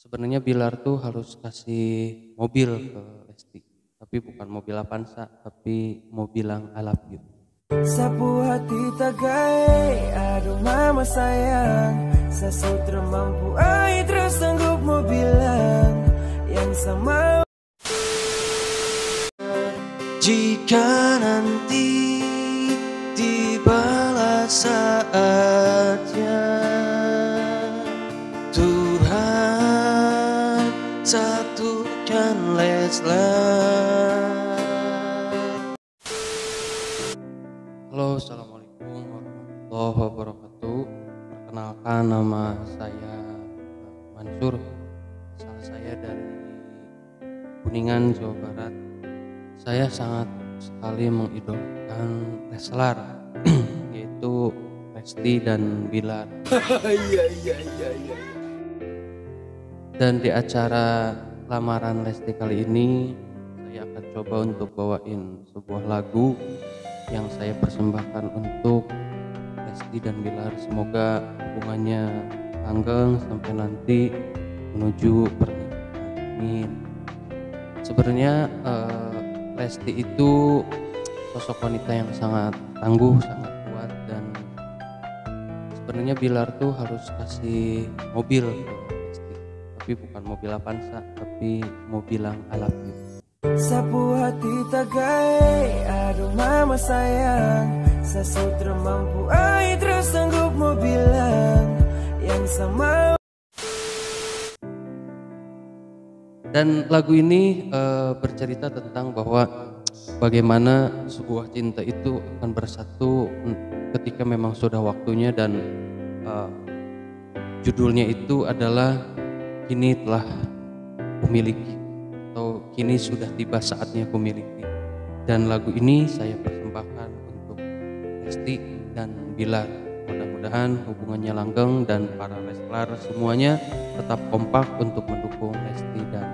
sebenarnya Bilar tuh harus kasih mobil ke Lesti tapi bukan mobil Avanza tapi mobil yang I love you Sapu hati tagai Aduh mama sayang Sesutra mampu air terus sanggup mau bilang Yang sama Jika nanti Tibalah saat satukan let's Halo assalamualaikum warahmatullahi wabarakatuh Perkenalkan nama saya Mansur Asal saya dari Kuningan Jawa Barat Saya sangat sekali mengidolakan wrestler yaitu Resti dan Bilar iya iya iya iya, iya. Dan di acara lamaran Lesti kali ini saya akan coba untuk bawain sebuah lagu yang saya persembahkan untuk Lesti dan Bilar. Semoga hubungannya langgeng sampai nanti menuju pernikahan. Amin. Sebenarnya eh, Lesti itu sosok wanita yang sangat tangguh, sangat kuat dan sebenarnya Bilar tuh harus kasih mobil tapi bukan mobil Avanza tapi mobil yang alap gitu. Sapu hati tagai Aduh mama sayang Sesutra mampu Ai terus sanggup mau bilang Yang sama Dan lagu ini uh, bercerita tentang bahwa bagaimana sebuah cinta itu akan bersatu ketika memang sudah waktunya dan uh, judulnya itu adalah kini telah kumiliki atau kini sudah tiba saatnya kumiliki dan lagu ini saya persembahkan untuk Lesti dan Bila mudah-mudahan hubungannya langgeng dan para wrestler semuanya tetap kompak untuk mendukung Lesti dan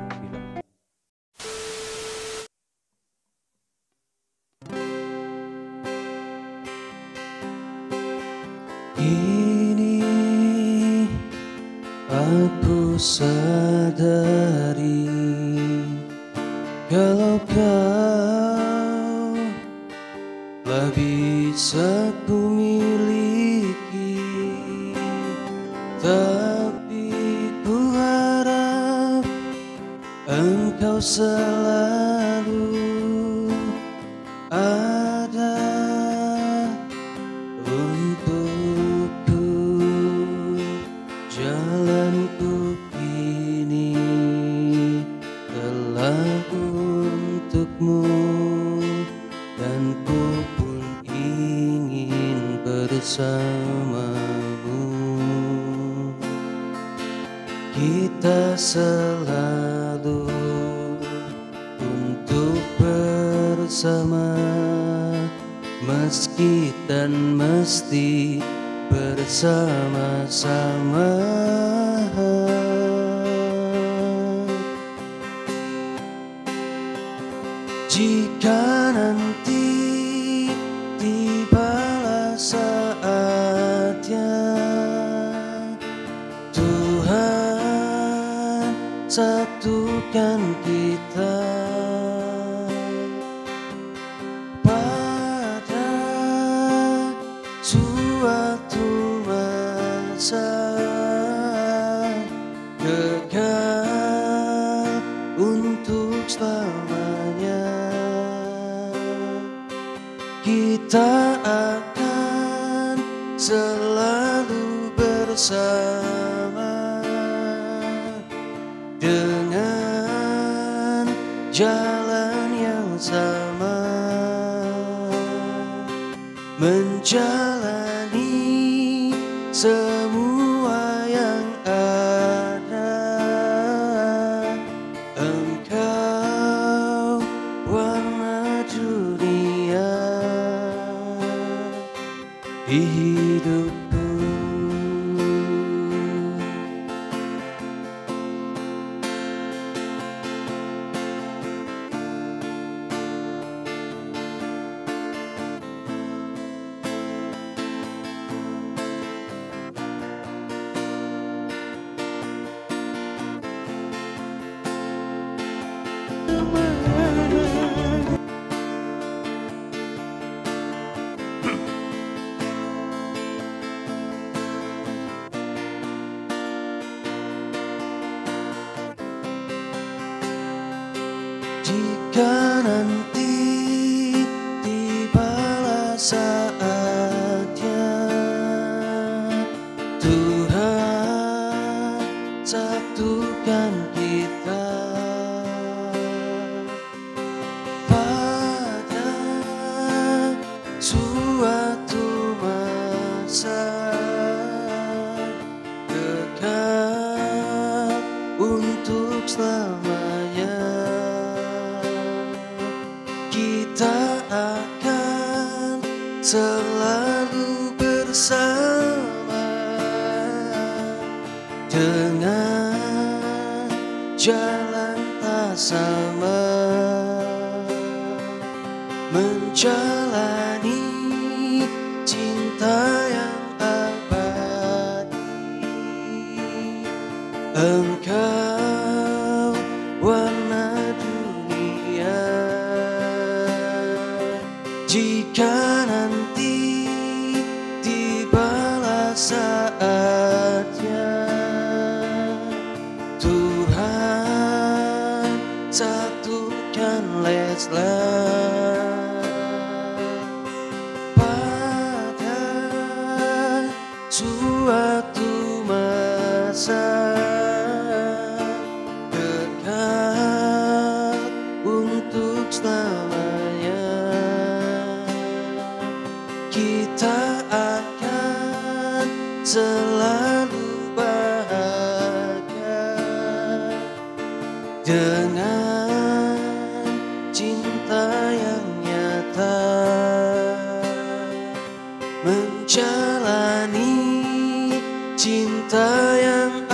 ini aku sadari Kalau kau Telah bisa ku miliki Tapi ku harap Engkau selalu Ku pun ingin bersamamu Kita selalu untuk bersama Meski dan mesti bersama-sama Jika nanti memisahkan kita pada suatu masa kekal untuk selamanya kita akan selalu bersama. Yeah jalan yang sama menjalani semua yang ada engkau warna dunia hihi Jika nanti untuk selamanya kita akan selalu bersama dengan jalan tak sama menjalani Engkau warna dunia Jika nanti tibalah saatnya Tuhan satukan leslah pada suatu masa dengan cinta yang nyata menjalani cinta yang